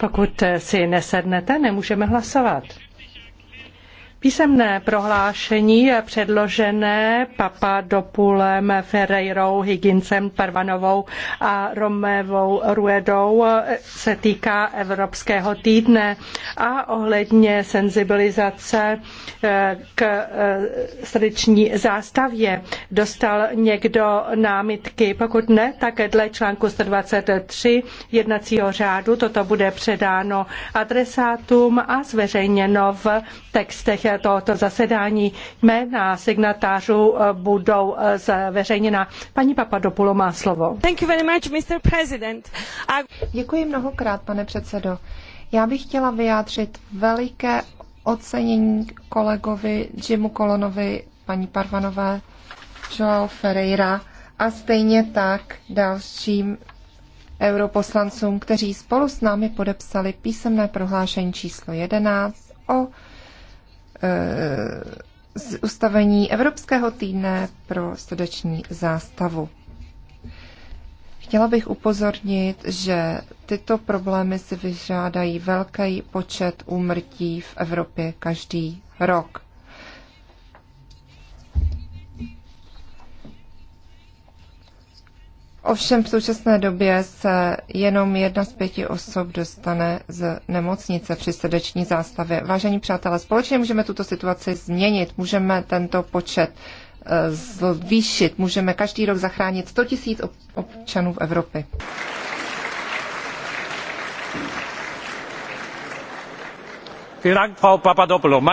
Pokud si nesednete, nemůžeme hlasovat. Písemné prohlášení předložené Papadopulem, Ferreirou, Higginsem, Parvanovou a Romevou Ruedou se týká Evropského týdne a ohledně senzibilizace eh, k eh, srdeční zástavě. Dostal někdo námitky? Pokud ne, tak dle článku 123 jednacího řádu toto bude předáno adresátům a zveřejněno v textech tohoto zasedání. Jména signatářů eh, budou eh, zveřejněna. Paní Papadopoulou má slovo. Thank you very much, Mr. President. I... Děkuji mnohokrát, pane předsedo. Já bych chtěla vyjádřit veliké ocenění kolegovi Jimu Kolonovi, paní Parvanové, Joao Ferreira a stejně tak dalším europoslancům, kteří spolu s námi podepsali písemné prohlášení číslo 11 o z ustavení Evropského týdne pro srdeční zástavu. Chtěla bych upozornit, že tyto problémy si vyžádají velký počet úmrtí v Evropě každý rok. Ovšem v současné době se jenom jedna z pěti osob dostane z nemocnice při srdeční zástavě. Vážení přátelé, společně můžeme tuto situaci změnit, můžeme tento počet eh, zvýšit, můžeme každý rok zachránit 100 tisíc občanů v Evropě. Děkuji, Dank,